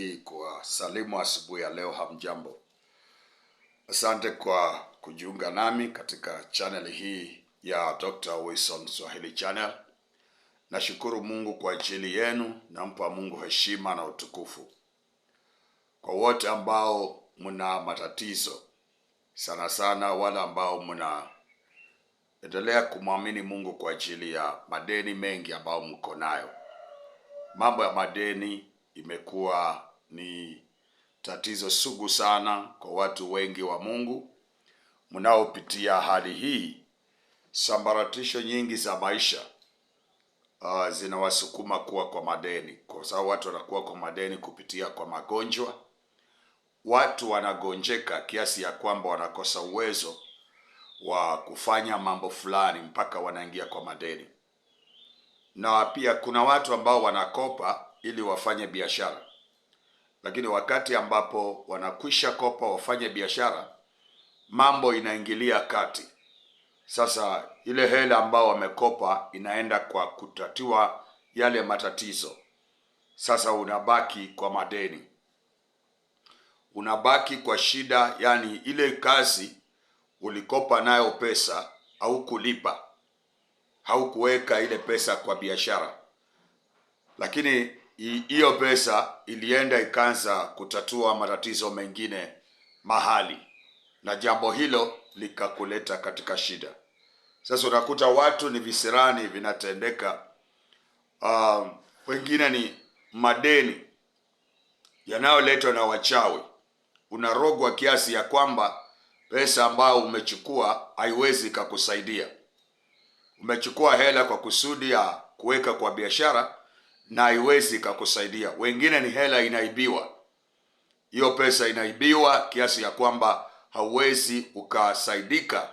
hii kwa salimu asubuhi ya leo. Hamjambo, asante kwa kujiunga nami katika channel hii ya Dr. Wilson Swahili Channel. Nashukuru Mungu kwa ajili yenu, nampa Mungu heshima na utukufu. Kwa wote ambao mna matatizo, sana sana wale ambao mna endelea kumwamini Mungu kwa ajili ya madeni mengi ambayo mko nayo. Mambo ya madeni imekuwa ni tatizo sugu sana kwa watu wengi wa Mungu mnaopitia hali hii. Sambaratisho nyingi za maisha uh, zinawasukuma kuwa kwa madeni, kwa sababu watu wanakuwa kwa madeni kupitia kwa magonjwa. Watu wanagonjeka kiasi ya kwamba wanakosa uwezo wa kufanya mambo fulani mpaka wanaingia kwa madeni, na pia kuna watu ambao wanakopa ili wafanye biashara lakini wakati ambapo wanakwisha kopa wafanye biashara, mambo inaingilia kati. Sasa ile hela ambao wamekopa inaenda kwa kutatiwa yale matatizo. Sasa unabaki kwa madeni, unabaki kwa shida, yani ile kazi ulikopa nayo pesa au kulipa, au kuweka ile pesa kwa biashara, lakini hiyo pesa ilienda ikaanza kutatua matatizo mengine mahali, na jambo hilo likakuleta katika shida. Sasa unakuta watu ni visirani vinatendeka, um, wengine ni madeni yanayoletwa na wachawi. Unarogwa kiasi ya kwamba pesa ambayo umechukua haiwezi ikakusaidia. Umechukua hela kwa kusudi ya kuweka kwa biashara na haiwezi ikakusaidia. Wengine ni hela inaibiwa, hiyo pesa inaibiwa kiasi ya kwamba hauwezi ukasaidika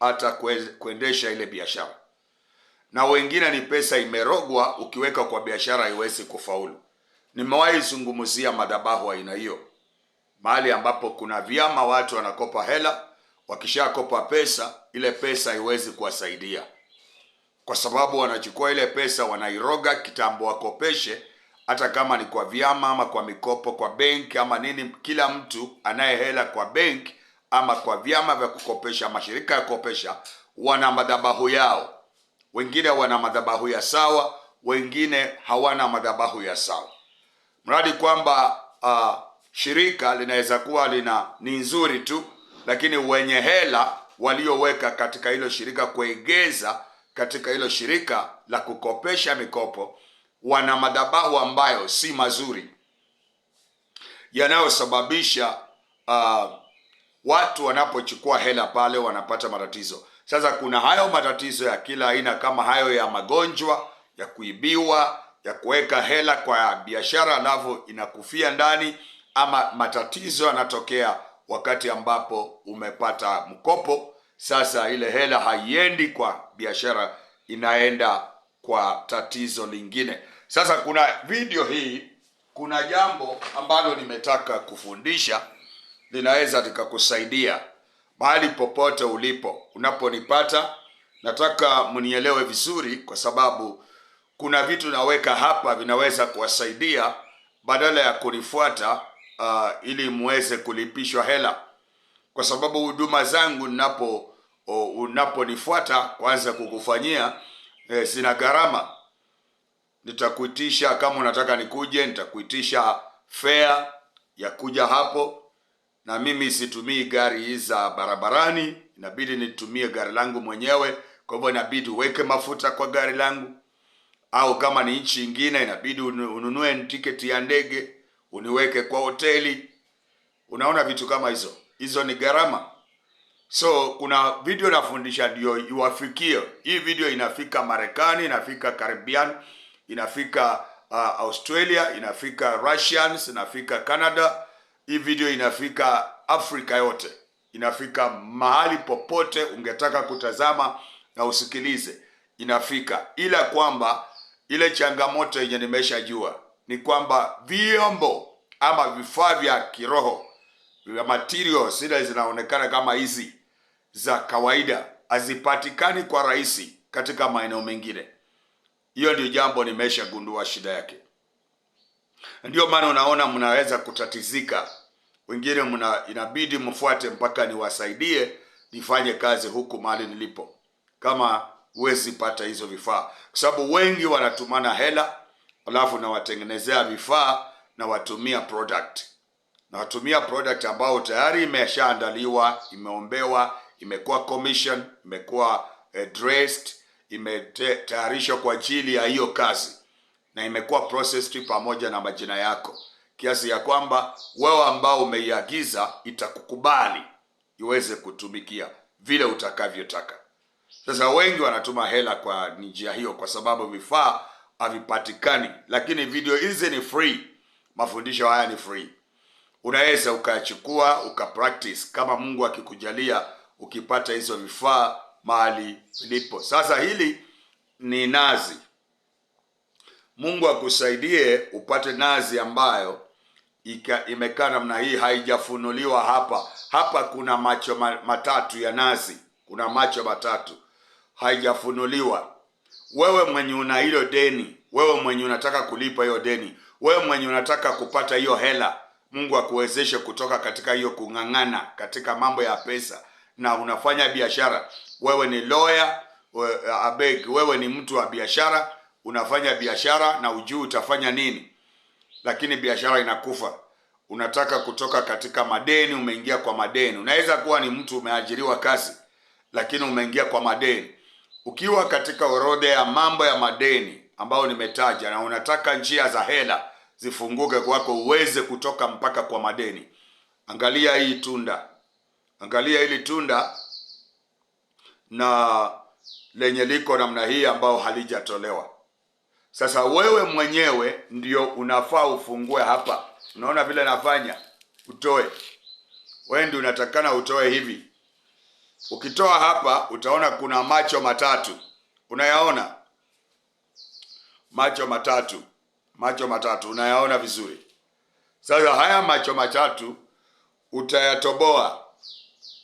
hata kuendesha ile biashara, na wengine ni pesa imerogwa, ukiweka kwa biashara haiwezi kufaulu. Nimewahi zungumzia madhabahu aina hiyo, mahali ambapo kuna vyama, watu wanakopa hela, wakishakopa pesa, ile pesa haiwezi kuwasaidia kwa sababu wanachukua ile pesa wanairoga kitambo, wakopeshe hata kama ni kwa vyama ama kwa mikopo kwa benki ama nini. Kila mtu anayehela kwa benki ama kwa vyama vya kukopesha, mashirika ya kukopesha, wana madhabahu yao. Wengine wana madhabahu ya sawa, wengine hawana madhabahu ya sawa, mradi kwamba uh, shirika linaweza kuwa lina ni nzuri tu, lakini wenye hela walioweka katika hilo shirika kuegeza katika hilo shirika la kukopesha mikopo wana madhabahu ambayo si mazuri yanayosababisha uh, watu wanapochukua hela pale wanapata matatizo. Sasa kuna hayo matatizo ya kila aina kama hayo ya magonjwa, ya kuibiwa, ya kuweka hela kwa biashara alafu inakufia ndani, ama matatizo yanatokea wakati ambapo umepata mkopo sasa ile hela haiendi kwa biashara, inaenda kwa tatizo lingine. Sasa kuna video hii, kuna jambo ambalo nimetaka kufundisha, linaweza likakusaidia mahali popote ulipo. Unaponipata, nataka mnielewe vizuri, kwa sababu kuna vitu naweka hapa vinaweza kuwasaidia badala ya kunifuata uh, ili muweze kulipishwa hela, kwa sababu huduma zangu ninapo unaponifuata kwanza kukufanyia e, sina gharama. Nitakuitisha kama unataka nikuje, nitakuitisha fare ya kuja hapo, na mimi situmii gari za barabarani, inabidi nitumie gari langu mwenyewe. Kwa hivyo inabidi uweke mafuta kwa gari langu, au kama ni nchi ingine inabidi ununue tiketi ya ndege uniweke kwa hoteli. Unaona vitu kama hizo, hizo ni gharama. So kuna video nafundisha ndio iwafikie. Hii video inafika Marekani, inafika Caribbean, inafika uh, Australia, inafika Russians, inafika Canada. Hii video inafika Afrika yote, inafika mahali popote ungetaka kutazama na usikilize, inafika ila kwamba ile changamoto yenye nimeshajua ni kwamba vyombo ama vifaa vya kiroho vya materials zile zinaonekana kama hizi za kawaida hazipatikani kwa rahisi katika maeneo mengine. Hiyo ndio jambo nimeshagundua shida yake, ndiyo maana unaona mnaweza kutatizika, wengine mna inabidi mfuate mpaka niwasaidie nifanye kazi huku mahali nilipo, kama huwezi pata hizo vifaa, kwa sababu wengi wanatumana hela, alafu nawatengenezea vifaa na watumia product na watumia product ambao tayari imeshaandaliwa, imeombewa imekuwa commission, imekuwa eh, dressed, imetayarishwa kwa ajili ya hiyo kazi na imekuwa processed pamoja na majina yako, kiasi ya kwamba wewe ambao umeiagiza itakukubali iweze kutumikia vile utakavyotaka. Sasa wengi wanatuma hela kwa njia hiyo, kwa sababu vifaa havipatikani, lakini video hizi ni free, mafundisho haya ni free. Unaweza ukachukua ukapractice kama Mungu akikujalia ukipata hizo vifaa mahali lipo. Sasa hili ni nazi. Mungu akusaidie upate nazi ambayo imekaa namna hii, haijafunuliwa hapa. Hapa kuna macho matatu ya nazi, kuna macho matatu, haijafunuliwa. Wewe mwenye una hilo deni, wewe mwenye unataka kulipa hiyo deni, wewe mwenye unataka kupata hiyo hela, Mungu akuwezeshe kutoka katika hiyo kung'ang'ana katika mambo ya pesa na unafanya biashara, wewe ni lawyer we, abeg, wewe ni mtu wa biashara, unafanya biashara na ujui utafanya nini, lakini biashara inakufa. Unataka kutoka katika madeni, umeingia kwa madeni. Unaweza kuwa ni mtu umeajiriwa kazi, lakini umeingia kwa madeni. Ukiwa katika orodha ya mambo ya madeni ambayo nimetaja na unataka njia za hela zifunguke kwako uweze kutoka mpaka kwa madeni, angalia hii tunda. Angalia hili tunda na lenye liko namna hii ambao halijatolewa. Sasa wewe mwenyewe ndio unafaa ufungue hapa. Unaona vile nafanya, utoe wewe, ndio unatakana utoe hivi. Ukitoa hapa, utaona kuna macho matatu, unayaona macho matatu, macho matatu, unayaona vizuri. Sasa haya macho matatu utayatoboa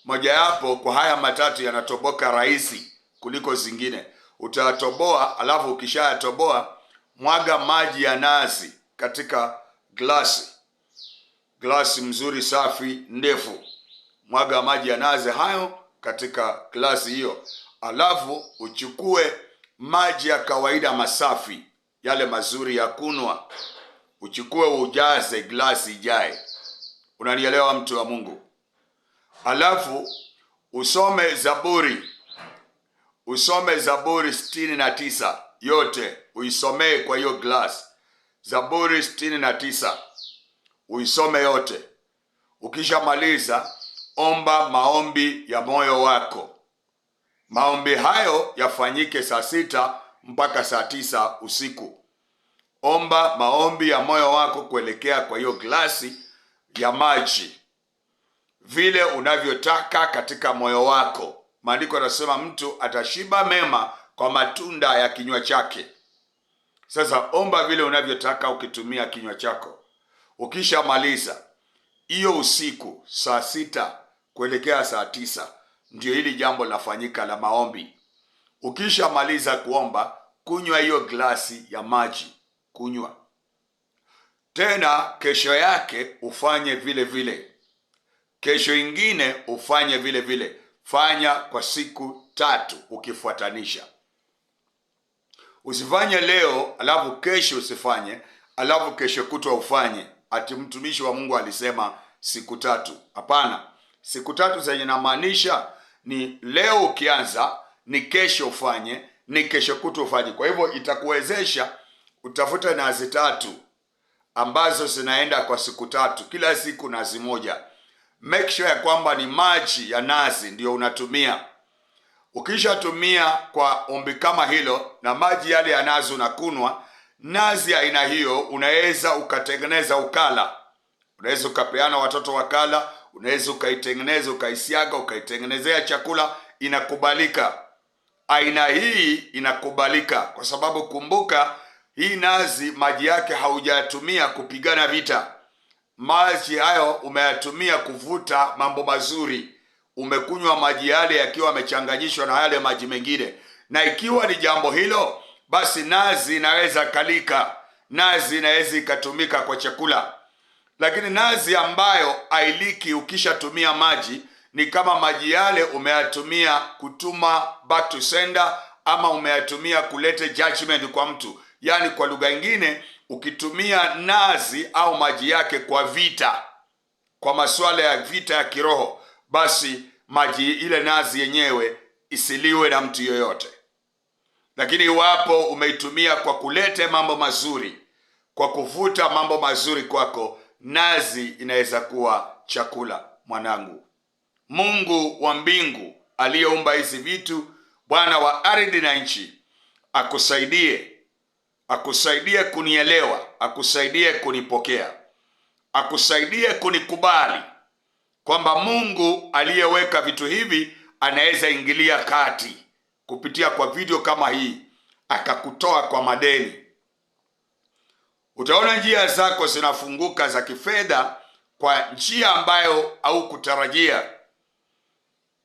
mojawapo kwa haya matatu yanatoboka rahisi kuliko zingine. Utayatoboa, alafu ukishayatoboa mwaga maji ya nazi katika glasi, glasi mzuri safi ndefu. Mwaga maji ya nazi hayo katika glasi hiyo, alafu uchukue maji ya kawaida masafi yale mazuri ya kunwa, uchukue ujaze glasi ijae. Unanielewa mtu wa Mungu? Halafu usome Zaburi, usome Zaburi sitini na tisa yote uisomee. Kwa hiyo glass, Zaburi sitini na tisa uisome yote. Ukishamaliza omba maombi ya moyo wako. Maombi hayo yafanyike saa sita mpaka saa tisa usiku. Omba maombi ya moyo wako kuelekea kwa hiyo glasi ya maji vile unavyotaka katika moyo wako. Maandiko yanasema mtu atashiba mema kwa matunda ya kinywa chake. Sasa omba vile unavyotaka ukitumia kinywa chako. Ukishamaliza hiyo usiku saa sita kuelekea saa tisa ndio hili jambo linafanyika la maombi. Ukishamaliza kuomba, kunywa hiyo glasi ya maji, kunywa tena. Kesho yake ufanye vile vile kesho ingine ufanye vile vile. Fanya kwa siku tatu ukifuatanisha. Usifanye leo alafu kesho usifanye alafu kesho kutwa ufanye, ati mtumishi wa Mungu alisema siku tatu. Hapana, siku tatu zenye namaanisha ni leo ukianza, ni kesho ufanye, ni kesho kutwa ufanye. Kwa hivyo itakuwezesha utafuta nazi tatu ambazo zinaenda kwa siku tatu, kila siku nazi moja make sure ya kwamba ni maji ya nazi ndiyo unatumia. Ukishatumia kwa ombi kama hilo na maji yale ya nazi unakunwa nazi ya aina hiyo, unaweza ukatengeneza ukala, unaweza ukapeana watoto wakala, unaweza ukaitengeneza ukaisiaga, ukaitengenezea chakula, inakubalika. Aina hii inakubalika kwa sababu kumbuka, hii nazi maji yake haujatumia kupigana vita maji hayo umeyatumia kuvuta mambo mazuri, umekunywa maji yale yakiwa yamechanganyishwa na yale maji mengine. Na ikiwa ni jambo hilo, basi nazi inaweza kalika, nazi inaweza ikatumika kwa chakula. Lakini nazi ambayo ailiki ukishatumia maji ni kama maji yale umeyatumia kutuma back to sender, ama umeyatumia kulete judgment kwa mtu, yaani kwa lugha nyingine ukitumia nazi au maji yake kwa vita, kwa masuala ya vita ya kiroho, basi maji ile nazi yenyewe isiliwe na mtu yoyote. Lakini iwapo umeitumia kwa kuleta mambo mazuri, kwa kuvuta mambo mazuri kwako, nazi inaweza kuwa chakula. Mwanangu, Mungu wa mbingu aliyeumba hizi vitu, Bwana wa ardhi na nchi, akusaidie akusaidie kunielewa, akusaidie kunipokea, akusaidie kunikubali kwamba Mungu aliyeweka vitu hivi anaweza ingilia kati kupitia kwa video kama hii akakutoa kwa madeni. Utaona njia zako zinafunguka za kifedha kwa njia ambayo au kutarajia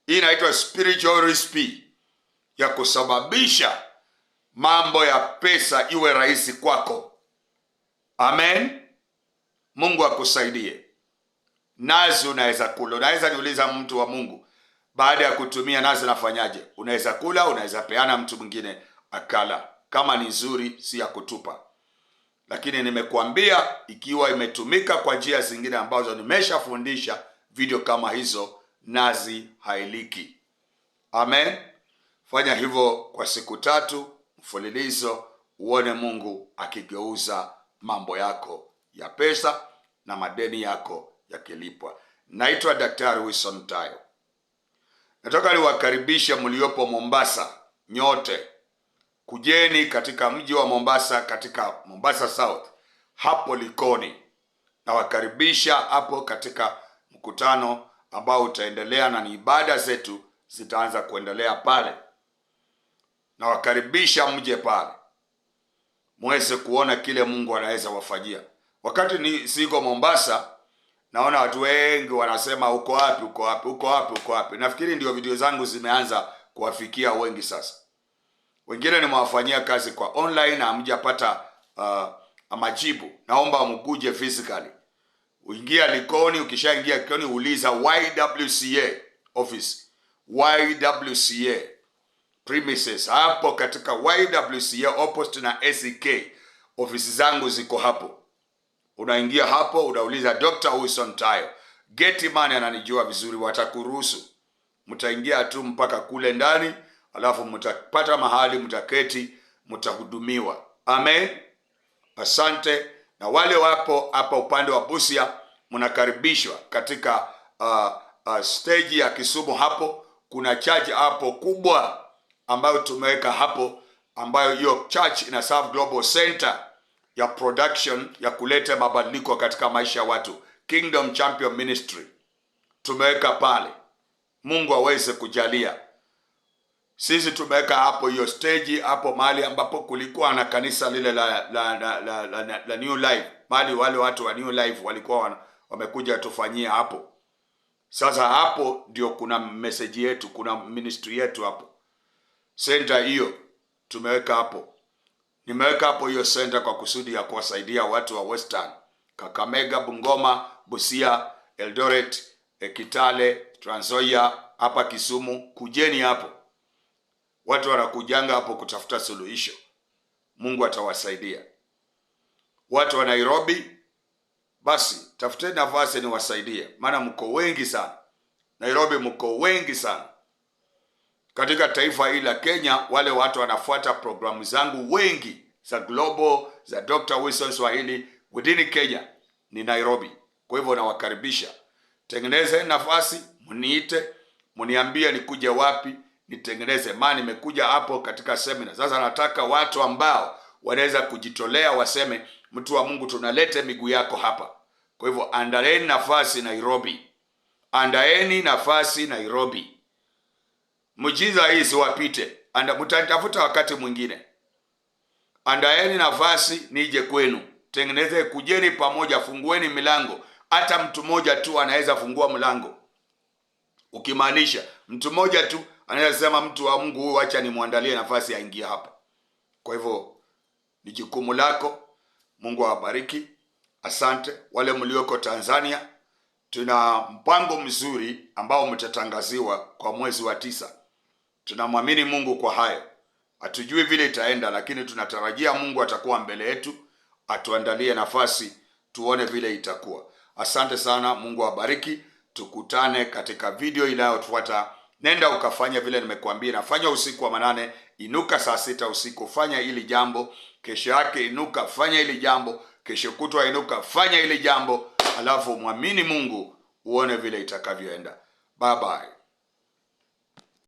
Hii inaitwa spiritual recipe ya kusababisha mambo ya pesa iwe rahisi kwako. Amen. Mungu akusaidie. Nazi unaweza kula, unaweza niuliza mtu wa Mungu, baada ya kutumia nazi nafanyaje? Unaweza kula, unaweza peana mtu mwingine akala, kama ni nzuri, si ya kutupa. Lakini nimekuambia ikiwa imetumika kwa njia zingine ambazo nimeshafundisha video kama hizo, nazi hailiki. Amen. Fanya hivyo kwa siku tatu mfululizo uone Mungu akigeuza mambo yako ya pesa na madeni yako yakilipwa. Naitwa Daktari Wilson tayo nataka niwakaribishe mliopo Mombasa nyote, kujeni katika mji wa Mombasa, katika Mombasa South hapo Likoni. Nawakaribisha hapo katika mkutano ambao utaendelea na ni ibada zetu zitaanza kuendelea pale nawakaribisha mje pale mweze kuona kile Mungu anaweza wafanyia. Wakati ni siko Mombasa, naona watu wengi wanasema uko wapi, uko wapi, uko wapi, uko wapi. Nafikiri ndio video zangu zimeanza kuwafikia wengi sasa. Wengine nimewafanyia kazi kwa online na hamjapata uh, majibu. Naomba mkuje physically, uingia Likoni. Ukishaingia Likoni, uliza YWCA office, YWCA premises hapo katika YWCA opposite na SEK, ofisi zangu ziko hapo. Unaingia hapo, unauliza Dr. Wilson Tayo. Geti ananijua vizuri, watakuruhusu mtaingia tu mpaka kule ndani, alafu mtapata mahali, mtaketi, mtahudumiwa. Amen, asante. Na wale wapo hapa upande wa Busia, mnakaribishwa katika uh, uh, stage ya Kisumu. Hapo kuna charge hapo kubwa ambayo tumeweka hapo, ambayo hiyo church ina serve global center ya production ya kuleta mabadiliko katika maisha ya watu. Kingdom Champion Ministry tumeweka pale, Mungu aweze kujalia. Sisi tumeweka hapo hiyo stage hapo, mahali ambapo kulikuwa na kanisa lile la, la, la, la, la, la, la New Life, mahali wale watu wa New Life walikuwa wana, wamekuja tufanyia hapo. Sasa hapo ndio kuna meseji yetu, kuna ministry yetu hapo senda hiyo tumeweka hapo, nimeweka hapo hiyo senda kwa kusudi ya kuwasaidia watu wa Western, Kakamega, Bungoma, Busia, Eldoret, Kitale, Trans hapa Kisumu. Kujeni hapo, watu wanakujanga hapo kutafuta suluhisho, Mungu atawasaidia. Watu wa Nairobi, basi tafuteni nafasi niwasaidie, maana mko wengi sana Nairobi, mko wengi sana katika taifa hili la Kenya. Wale watu wanafuata programu zangu wengi za Global za Dr. Wilson Swahili within Kenya ni Nairobi. Kwa hivyo nawakaribisha, tengeneze nafasi, mniite, mniambie nikuje wapi, nitengeneze maana nimekuja hapo katika semina. Sasa nataka watu ambao wanaweza kujitolea waseme, mtu wa Mungu, tunalete miguu yako hapa. Kwa hivyo andaeni nafasi Nairobi, andaeni nafasi Nairobi. Mujiza hii siwapite, mutanitafuta wakati mwingine. andayeni nafasi nije kwenu, tengeneze, kujeni pamoja, fungueni milango. Hata mtu mmoja tu anaweza fungua mlango, ukimaanisha mtu mmoja tu anaweza sema mtu wa Mungu huyu, acha nimwandalie nafasi aingie hapa. Kwa hivyo ni jukumu lako. Mungu awabariki. Asante wale mlioko Tanzania, tuna mpango mzuri ambao mtatangaziwa kwa mwezi wa tisa. Tunamwamini Mungu kwa hayo. Hatujui vile itaenda, lakini tunatarajia Mungu atakuwa mbele yetu, atuandalie nafasi, tuone vile itakuwa. Asante sana, Mungu awabariki. Tukutane katika video inayofuata. Nenda ukafanya vile nimekuambia. Nafanya usiku wa manane, inuka saa sita usiku, fanya hili jambo. Kesho yake inuka, fanya hili jambo. Kesho kutwa inuka, fanya hili jambo, alafu mwamini Mungu uone vile itakavyoenda. Bye bye.